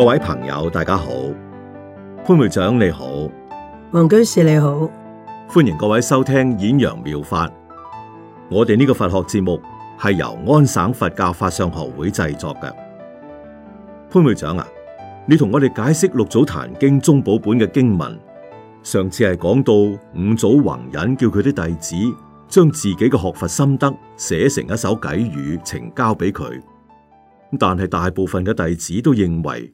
各位朋友，大家好，潘會長你好，黃居士你好，歡迎各位收聽演揚妙，妙法。我哋呢個佛學節目係由安省佛教法相學會製作嘅。潘會長啊，你同我哋解釋六祖壇經中寶本嘅經文。上次係講到五祖弘忍叫佢啲弟子將自己嘅學佛心得寫成一首偈語，呈交俾佢。但係大部分嘅弟子都認為。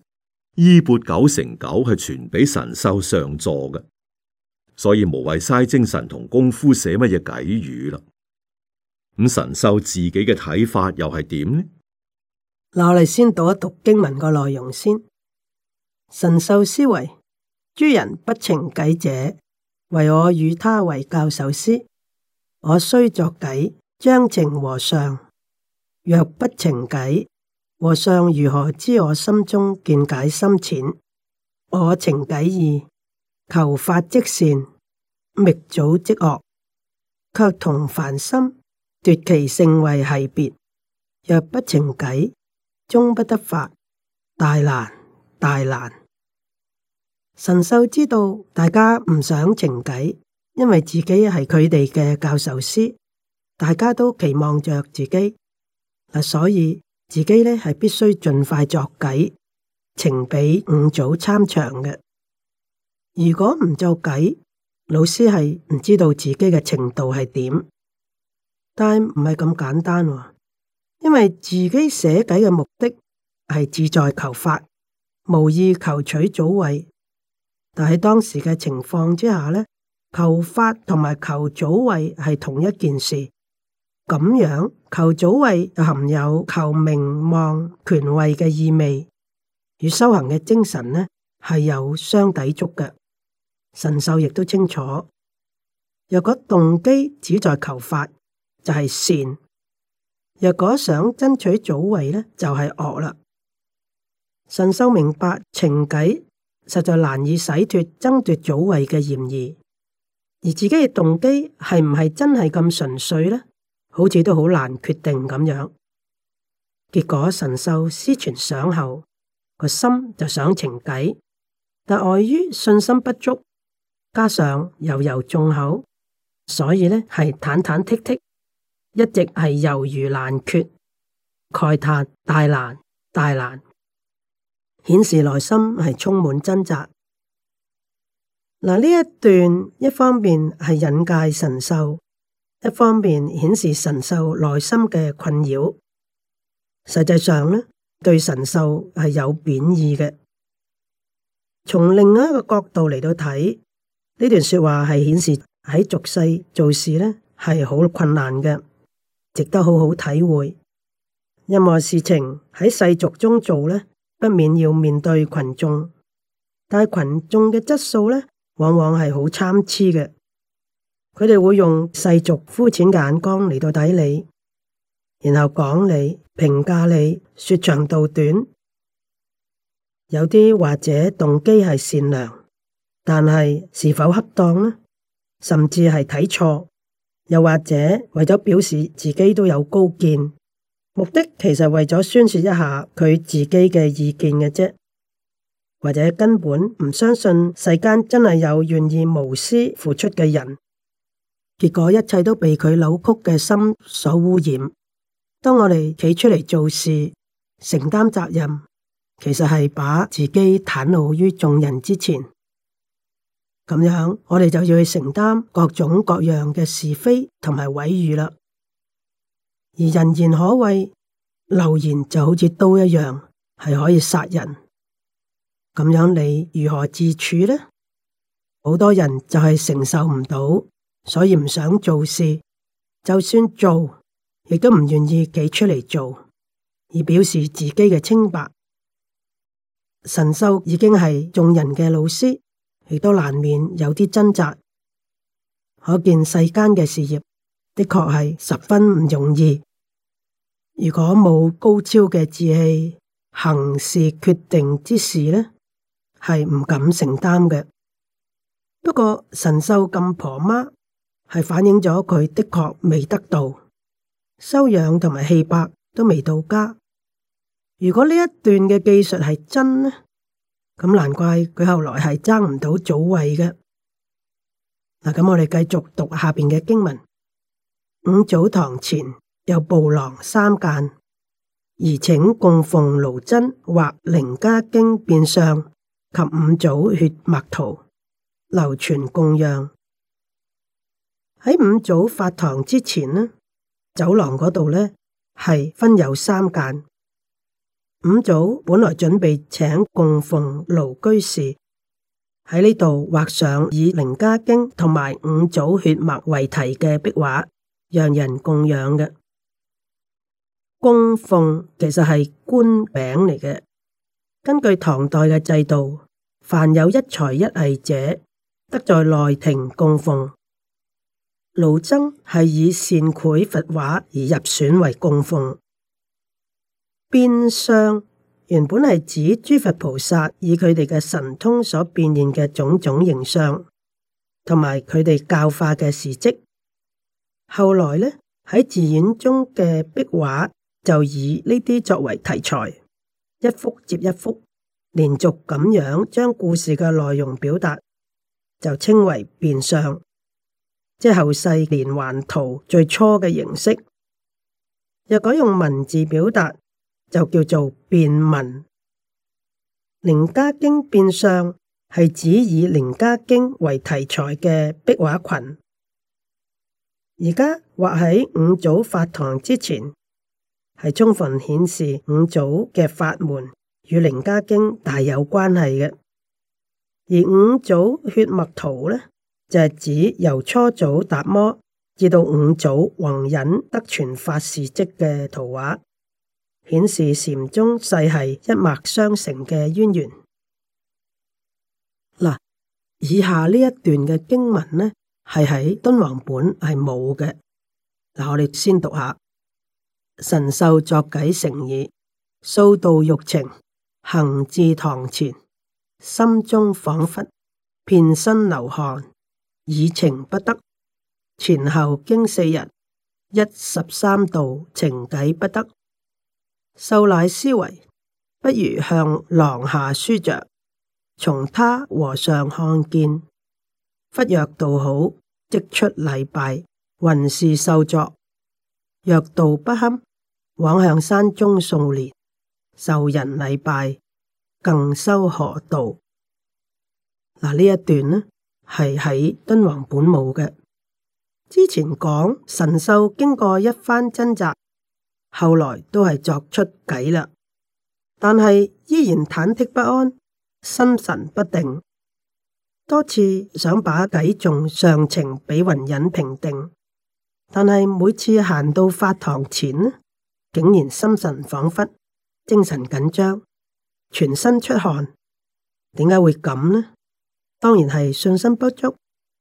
衣鉢九成九係傳俾神秀上座嘅，所以無謂嘥精神同功夫寫乜嘢偈語啦。咁神秀自己嘅睇法又係點呢？嗱，我哋先讀一讀經文個內容先。神秀思維：諸人不呈偈者，為我與他為教授師。我須作偈，將呈和尚。若不呈偈。和尚如何知我心中見解深淺？我呈偈意求法即善，覓祖即惡，卻同凡心奪其聖位奚別。若不呈偈，終不得法，大難大難！神秀知道大家唔想呈偈，因為自己係佢哋嘅教授師，大家都期望着自己嗱，所以。自己呢係必須盡快作偈，呈俾五祖參詳嘅。如果唔做偈，老師係唔知道自己嘅程度係點。但唔係咁簡單，啊，因為自己寫偈嘅目的係自在求法，無意求取祖位。但喺當時嘅情況之下呢，求法同埋求祖位係同一件事。咁樣求祖位又含有求名望、權位嘅意味，與修行嘅精神呢係有相抵觸嘅。神秀亦都清楚，若果動機只在求法，就係、是、善；若果想爭取祖位呢，就係、是、惡啦。神秀明白情偈實在難以洗脫爭奪祖位嘅嫌疑，而自己嘅動機係唔係真係咁純粹呢？好似都好難決定咁樣，結果神秀思前想後，個心就想呈偈，但礙於信心不足，加上悠悠眾口，所以呢係忐忐忑忑，一直係猶豫難決，慨嘆大難大難，顯示內心係充滿掙扎。嗱，呢一段一方面係引介神秀。一方面顯示神秀內心嘅困擾，實際上呢對神秀係有貶義嘅。從另一個角度嚟到睇呢段說話，係顯示喺俗世做事呢係好困難嘅，值得好好體會。任何事情喺世俗中做呢，不免要面對群眾，但係群眾嘅質素呢，往往係好參差嘅。佢哋會用世俗膚淺嘅眼光嚟到底你，然後講你、評價你、說長道短。有啲或者動機係善良，但係是，是否恰當呢？甚至係睇錯，又或者為咗表示自己都有高見，目的其實為咗宣泄一下佢自己嘅意見嘅啫，或者根本唔相信世間真係有願意無私付出嘅人。結果一切都被佢扭曲嘅心所污染。當我哋企出嚟做事、承擔責任，其實係把自己袒露於眾人之前。咁樣我哋就要去承擔各種各樣嘅是非同埋毀譽啦。而人言可畏，流言就好似刀一樣，係可以殺人。咁樣你如何自處呢？好多人就係承受唔到。所以唔想做事，就算做亦都唔願意企出嚟做以表示自己嘅清白。神秀已經係眾人嘅老師，亦都難免有啲掙扎。可見世間嘅事業的確係十分唔容易。如果冇高超嘅志氣，行事決定之事呢，係唔敢承擔嘅。不過神秀咁婆媽。係反映咗佢的確未得道修養，同埋氣魄都未到家。如果呢一段嘅技術係真呢，咁難怪佢後來係爭唔到祖位嘅。嗱，咁我哋繼續讀下邊嘅經文：五祖堂前有步廊三間，而請供奉盧珍或楞伽經變相及五祖血脈圖，流傳供養。喺五祖法堂之前呢，走廊嗰度咧，係分有三間。五祖本來準備請供奉盧居士喺呢度畫上以《楞伽經》同埋五祖血脈為題嘅壁畫，讓人供養嘅。供奉其實係官名嚟嘅。根據唐代嘅制度，凡有一才一藝者，得在內廷供奉。盧僧係以善繪佛畫而入選為供奉。變相原本係指諸佛菩薩以佢哋嘅神通所變現嘅種種形象，同埋佢哋教化嘅事跡。後來呢，喺寺院中嘅壁畫就以呢啲作為題材，一幅接一幅，連續咁樣將故事嘅內容表達，就稱為變相。即係後世連環圖最初嘅形式，若果用文字表達，就叫做變文。《楞伽經變相》係指以《楞伽經》為題材嘅壁畫群，而家畫喺五祖法堂之前，係充分顯示五祖嘅法門與《楞伽經》大有關係嘅。而五祖血脈圖呢？就係指由初祖達摩至到五祖弘忍得傳法事迹嘅圖畫，顯示禪宗世系一脈相承嘅淵源。嗱，以下呢一段嘅經文呢，係喺敦煌本係冇嘅。嗱，我哋先讀下神秀作偈成已，數度欲呈，行至堂前，心中恍惚，遍身流汗。以情不得，前後經四日，一十三度情底不得。受乃思維，不如向廊下書着，從他和尚看見，忽若道好，即出禮拜，云是受作；若道不堪，枉向山中數年，受人禮拜，更修何道？嗱、啊，呢一段呢？係喺敦煌本冇嘅。之前講神秀經過一番掙扎，後來都係作出偈啦，但係依然忐忑不安，心神不定，多次想把偈頌呈上俾弘忍評定，但係每次行到法堂前，竟然心神恍惚，精神緊張，全身出汗，點解會咁呢？當然係信心不足，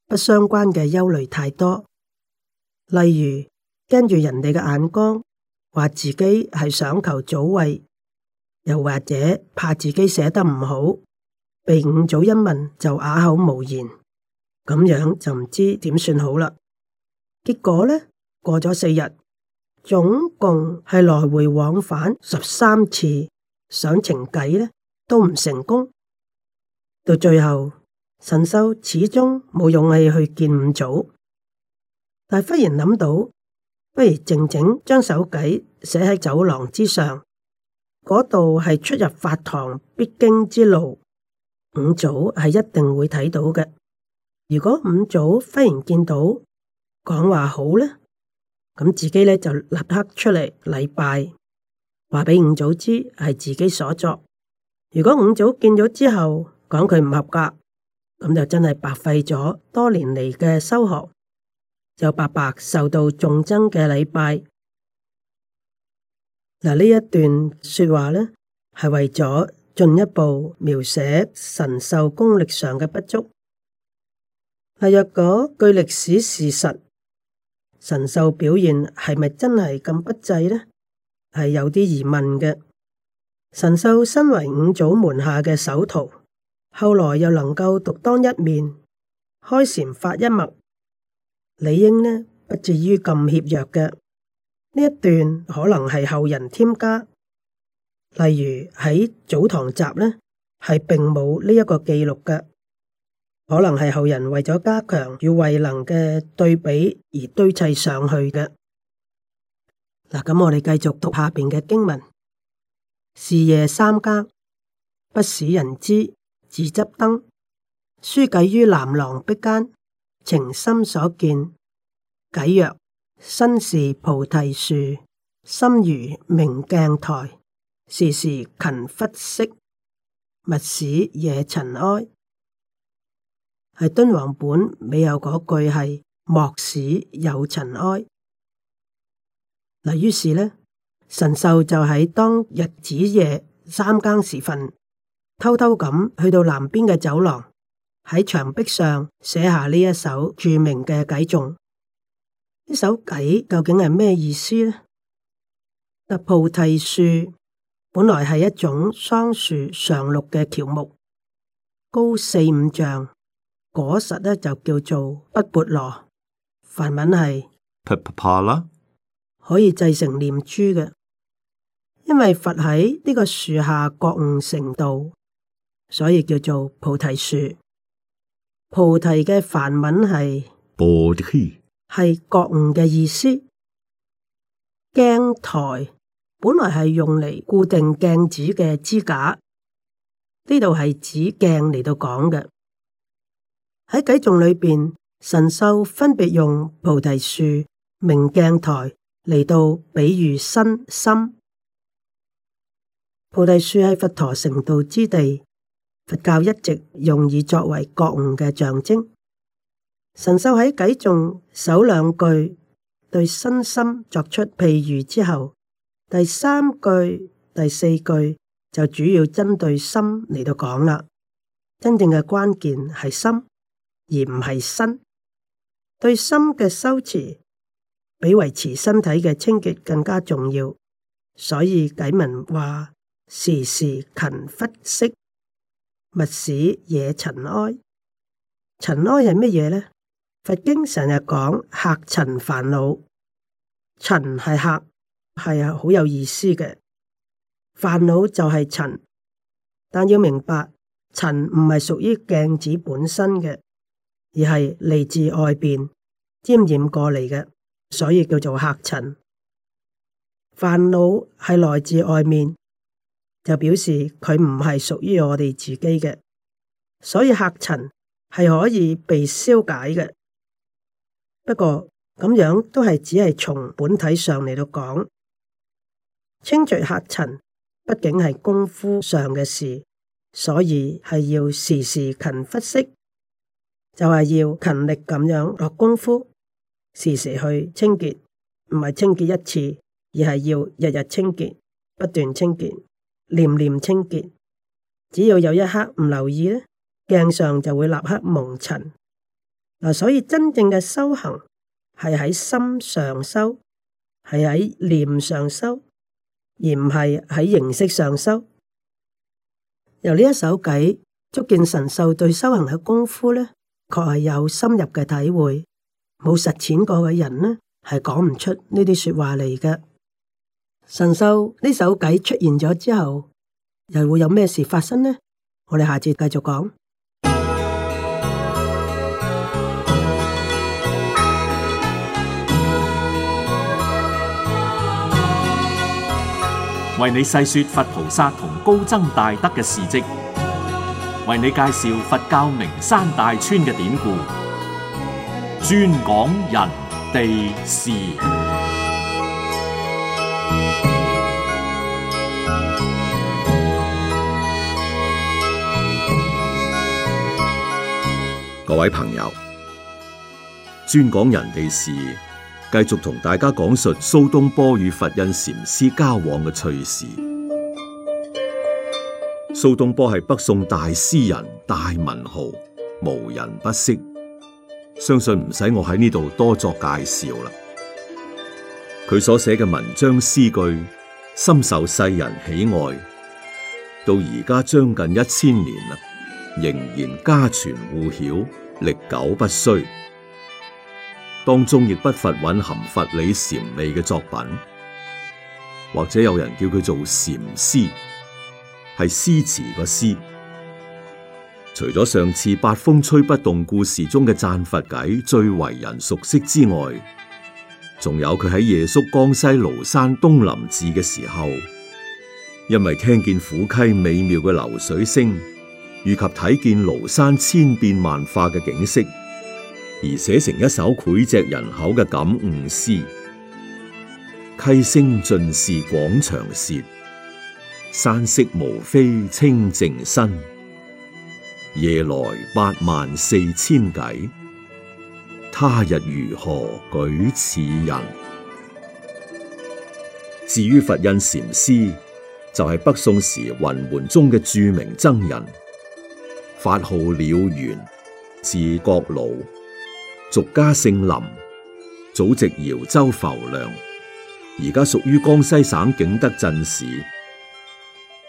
不相關嘅憂慮太多。例如跟住人哋嘅眼光，話自己係想求祖位，又或者怕自己寫得唔好，被五祖一問就啞口無言，咁樣就唔知點算好啦。結果呢，過咗四日，總共係來回往返十三次，想呈偈呢都唔成功，到最後。神秀始終冇勇氣去見五祖，但忽然諗到，不如靜靜將手偈寫喺走廊之上。嗰度係出入法堂必經之路，五祖係一定會睇到嘅。如果五祖忽然見到，講話好呢，咁自己呢就立刻出嚟禮拜，話俾五祖知係自己所作。如果五祖見咗之後講佢唔合格。咁就真係白費咗多年嚟嘅修學，就白白受到眾僧嘅禮拜。嗱，呢一段說話呢係為咗進一步描寫神秀功力上嘅不足。但若果據歷史事實，神秀表現係咪真係咁不濟呢？係有啲疑問嘅。神秀身為五祖門下嘅首徒。後來又能夠獨當一面，開禪發一脈，理應呢不至於咁怯弱嘅。呢一段可能係後人添加，例如喺《祖堂集》呢係並冇呢一個記錄嘅，可能係後人為咗加強與慧能嘅對比而堆砌上去嘅。嗱，咁我哋繼續讀下邊嘅經文，是夜三更，不使人知。自執燈，書偈於南廊壁間，情深所見偈曰：身是菩提樹，心如明鏡台，時時勤拂拭，勿使惹塵埃。係敦煌本未有嗰句係莫使有塵埃。嗱，於是呢，神秀就喺當日子夜三更時分。偷偷咁去到南邊嘅走廊，喺牆壁上寫下呢一首著名嘅偈頌。呢首偈究竟係咩意思呢？那菩提樹本來係一種桑樹，常綠嘅喬木，高四五丈，果實呢就叫做不撥羅，梵文係 pippala，可以製成念珠嘅。因為佛喺呢個樹下覺悟成道。所以叫做菩提樹。菩提嘅梵文係菩提，係地覺悟嘅意思。鏡台本來係用嚟固定鏡子嘅支架，呢度係指鏡嚟到講嘅。喺偈頌裏邊，神秀分別用菩提樹、明鏡台嚟到比喻身心。菩提樹係佛陀成道之地。佛教一直用以作為覺悟嘅象徵。神秀喺偈中首兩句對身心作出譬喻之後，第三句、第四句就主要針對心嚟到講啦。真正嘅關鍵係心，而唔係身。對心嘅修持比維持身體嘅清潔更加重要。所以偈文話：時時勤拂拭。勿使惹塵埃，塵埃係乜嘢咧？佛經成日講客塵煩惱，塵係客，係呀，好有意思嘅。煩惱就係塵，但要明白塵唔係屬於鏡子本身嘅，而係嚟自外邊沾染過嚟嘅，所以叫做客塵。煩惱係來自外面。就表示佢唔係屬於我哋自己嘅，所以客塵係可以被消解嘅。不過咁樣都係只係從本體上嚟到講，清除客塵，畢竟係功夫上嘅事，所以係要時時勤拂拭，就係要勤力咁樣落功夫，時時去清潔，唔係清潔一次，而係要日日清潔，不斷清潔。念念清潔，只要有一刻唔留意咧，鏡上就會立刻蒙塵。嗱，所以真正嘅修行係喺心上修，係喺念上修，而唔係喺形式上修。由呢一首偈，足見神秀對修行嘅功夫咧，確係有深入嘅體會。冇實踐過嘅人呢，係講唔出呢啲說話嚟嘅。神秀呢首偈出現咗之後，又會有咩事發生呢？我哋下次繼續講。為你細說佛菩薩同高僧大德嘅事跡，為你介紹佛教名山大川嘅典故，專講人地事。各位朋友，專講人哋事，繼續同大家講述蘇東坡與佛印禪師交往嘅趣事。蘇東坡係北宋大詩人、大文豪，無人不識，相信唔使我喺呢度多作介紹啦。佢所寫嘅文章詩句，深受世人喜愛，到而家將近一千年啦。仍然家傳戶曉，歷久不衰。當中亦不乏蘊含佛理禪味嘅作品，或者有人叫佢做禪詩，係詩詞個詩。除咗上次八風吹不動故事中嘅讚佛偈最為人熟悉之外，仲有佢喺夜宿江西廬山東林寺嘅時候，因為聽見虎溪美妙嘅流水聲。以及睇見廬山千變萬化嘅景色，而寫成一首膾炙人口嘅感悟詩：溪聲盡是廣長舌，山色無非清淨身。夜來八萬四千偈，他日如何舉此人？至於佛印禪師，就係、是、北宋時雲門宗嘅著名僧人。法號了緣，字覺老，俗家姓林，祖籍饒州浮梁，而家屬於江西省景德鎮市。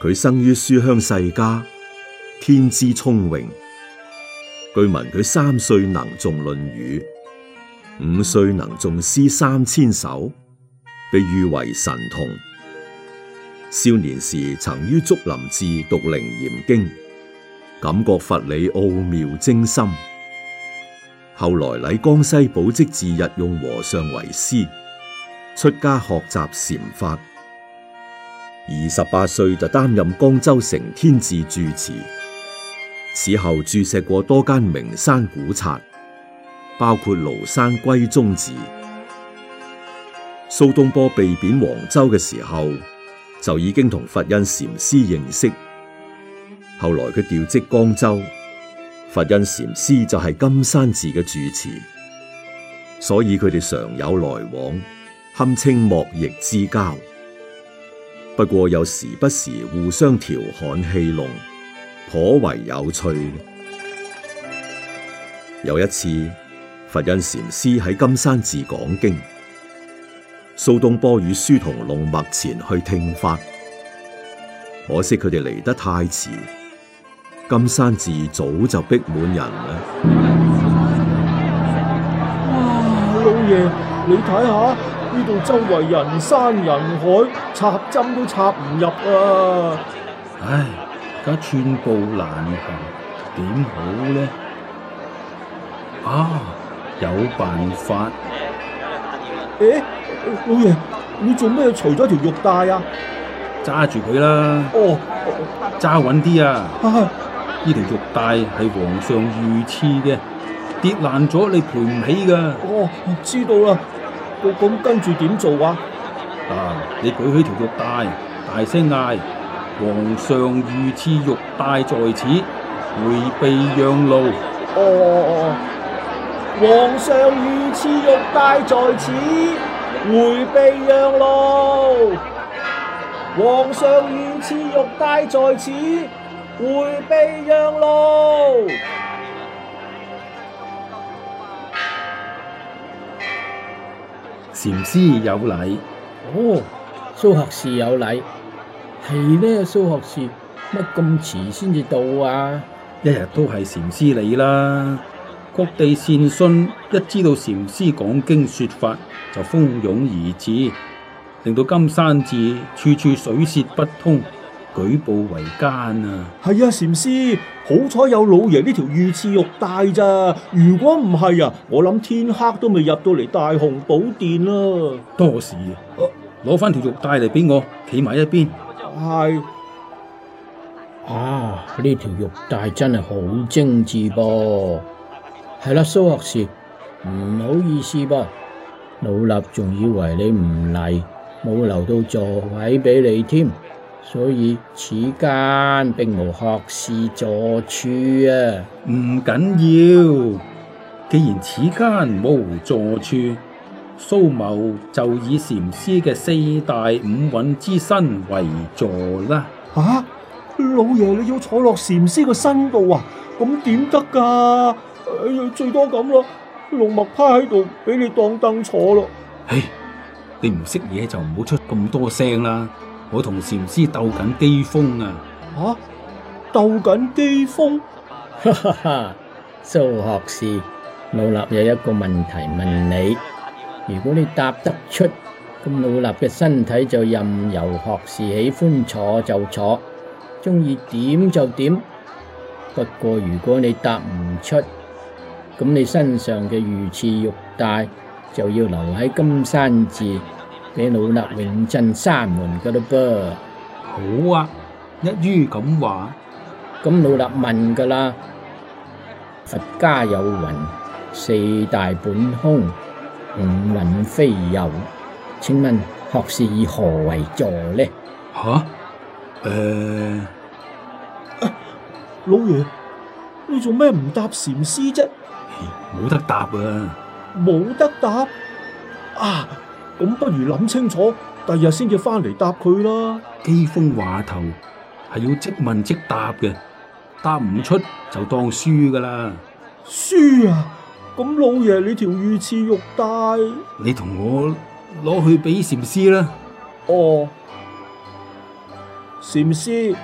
佢生於書香世家，天資聰穎。據聞佢三歲能誦《論語》，五歲能誦詩三千首，被譽為神童。少年時曾於竹林寺讀《楞嚴經》。感覺佛理奧妙精深，後來禮江西寶積寺日用和尚為師，出家學習禪法。二十八歲就擔任江州成天寺住持，此後駐錫過多間名山古剎，包括廬山歸宗寺。蘇東坡被貶黃州嘅時候就已經同佛印禪師認識。後來佢調職江州，佛印禪師就係金山寺嘅住持，所以佢哋常有來往，堪稱莫逆之交。不過有時不時互相調侃戲弄，頗為有趣。有一次，佛印禪師喺金山寺講經，蘇東坡與書僮龍墨前去聽法，可惜佢哋嚟得太遲。金山寺早就逼滿人啦！哇，老爺，你睇下呢度周圍人山人海，插針都插唔入啊！唉，而家寸步難行，點好咧？啊，有辦法！誒、欸，老爺，你做咩除咗條玉帶啊？揸住佢啦！哦，揸穩啲啊！呢條玉帶係皇上御賜嘅，跌爛咗你賠唔起噶。哦，知道啦，我咁跟住點做啊？啊，你舉起條玉帶，大聲嗌：皇上御賜玉帶在此，回避讓路！哦，哦。哦，皇上御賜玉帶在此，回避讓路。皇上御賜玉帶在此。回避讓路，禪師有禮。哦，蘇學士有禮，係呢，蘇學士乜咁遲先至到啊？一日都係禪師你啦，各地善信一知道禪師講經說法，就蜂擁而至，令到金山寺處處水泄不通。舉步維艱啊，啊！係啊，禪師，好彩有老爺呢條御賜玉帶咋？如果唔係啊，我諗天黑都未入到嚟大雄寶殿啦，啊！多事，啊，攞翻條玉帶嚟俾我，企埋一邊。係啊，呢條玉帶真係好精緻噃，啊啊。係啦，蘇學士，唔好意思噃，老衲仲以為你唔嚟，冇留到座位俾你添。所以此間並無學士坐處啊，唔緊要。既然此間冇坐處，蘇某就以禪師嘅四大五蘊之身為坐啦。吓、啊，老爺你要坐落禪師個身度啊？咁點得噶？最多咁咯，龍脈趴喺度俾你當凳坐咯。嘿，你唔識嘢就唔好出咁多聲啦。我同禪師鬥緊機鋒啊！吓、啊，鬥緊機鋒，哈哈哈！蘇學士，老衲有一個問題問你，如果你答得出，咁老衲嘅身體就任由學士喜歡坐就坐，鍾意點就點。不過如果你答唔出，咁你身上嘅玉翅玉帶就要留喺金山寺。你老衲永鎮山門噶喇噃，好啊！一於咁話，咁老衲問噶啦。佛家有云：四大本空，五蘊非有。請問學士以何為坐呢？吓？誒，老爺，你做咩唔答禪師啫？冇得答啊！冇得答啊！咁不如諗清楚，第日先至翻嚟答佢啦。機鋒話頭係要即問即答嘅，答唔出就當輸噶啦。輸啊！咁老爺你條御賜玉帶，你同我攞去俾禪師啦。哦，禪師，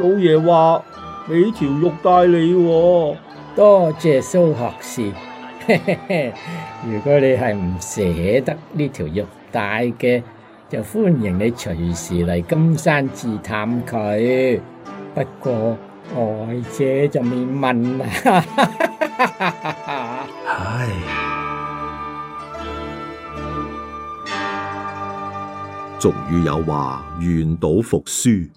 老爺話俾條玉帶你。哦。多謝蘇學士。如果你係唔捨得呢條玉帶嘅，就歡迎你隨時嚟金山寺探佢。不過，愛借就免問啦。俗語有話，願賭服輸。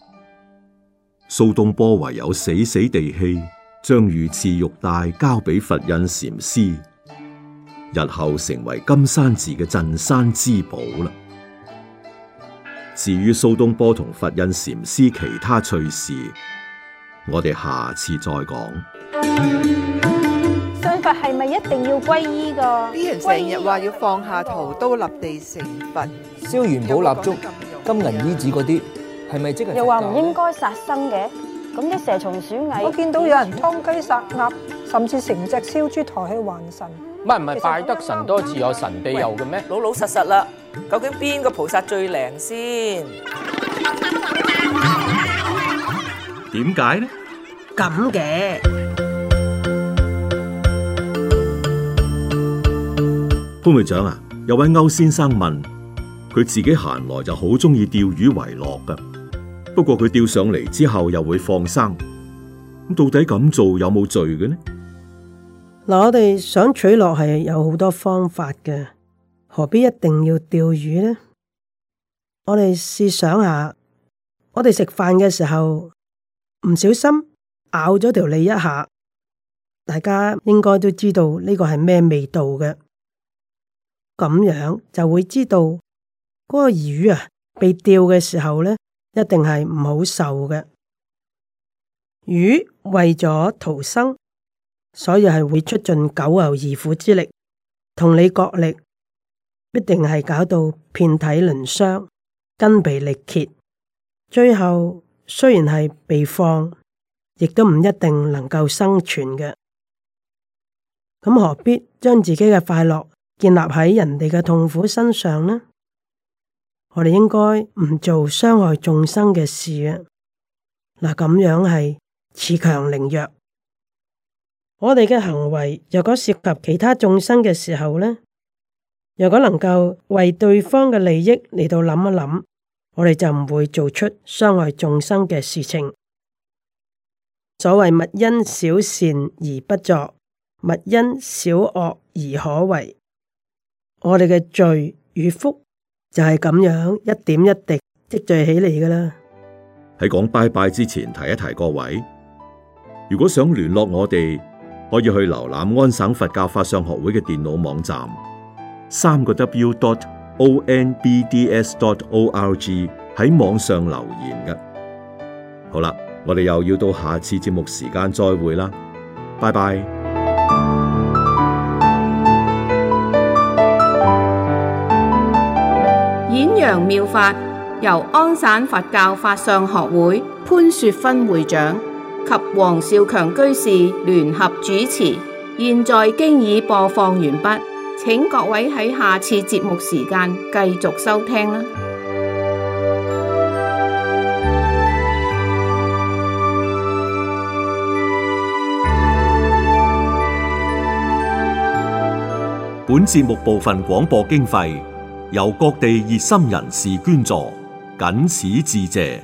蘇東坡唯有死死地氣，將魚翅玉帶交俾佛印禪師。日後成為金山寺嘅鎮山之寶啦。至於蘇東坡同佛印禪師其他趣事，我哋下次再講。信佛係咪一定要皈依噶？啲人成日話要放下屠刀立地成佛，燒元寶蠟燭、金銀衣紙嗰啲，係咪即係？又話唔應該殺生嘅。咁啲蛇蟲鼠蟻，我見到有人劏雞殺鴨，甚至成隻燒豬抬去還神。唔係唔係，拜得神多自有神庇佑嘅咩？老老實實啦，究竟邊個菩薩最靈先？點解呢？咁嘅潘會長啊，有位歐先生問，佢自己閒來就好中意釣魚為樂噶，不過佢釣上嚟之後又會放生，咁到底咁做有冇罪嘅呢？嗱，我哋想取樂，係有好多方法嘅，何必一定要釣魚呢？我哋試想下，我哋食飯嘅時候唔小心咬咗條脷一下，大家應該都知道呢個係咩味道嘅。咁樣就會知道嗰個魚啊，被釣嘅時候咧，一定係唔好受嘅。魚為咗逃生，所以係會出盡九牛二虎之力，同你角力，必定係搞到遍體鱗傷，筋疲力竭，最後雖然係被放，亦都唔一定能夠生存嘅。咁何必將自己嘅快樂建立喺人哋嘅痛苦身上呢？我哋應該唔做傷害眾生嘅事啊！嗱，咁樣係恃強凌弱。我哋嘅行為，若果涉及其他眾生嘅時候呢，若果能夠為對方嘅利益嚟到諗一諗，我哋就唔會做出傷害眾生嘅事情。所謂勿因小善而不作，勿因小惡而可為。我哋嘅罪與福就係咁樣一點一滴積聚起嚟㗎喇。喺講拜拜之前，提一提各位，如果想聯絡我哋。可以去瀏覽安省佛教法相學會嘅電腦網站，三個 w.dot.onbds.dot.org 喺網上留言嘅。好啦，我哋又要到下次節目時間再會啦，拜拜。演揚妙法由安省佛教法相學會潘雪芬會長。及黃少強居士聯合主持，現在經已播放完畢，請各位喺下次節目時間繼續收聽啦。本節目部分廣播經費由各地熱心人士捐助，僅此致謝。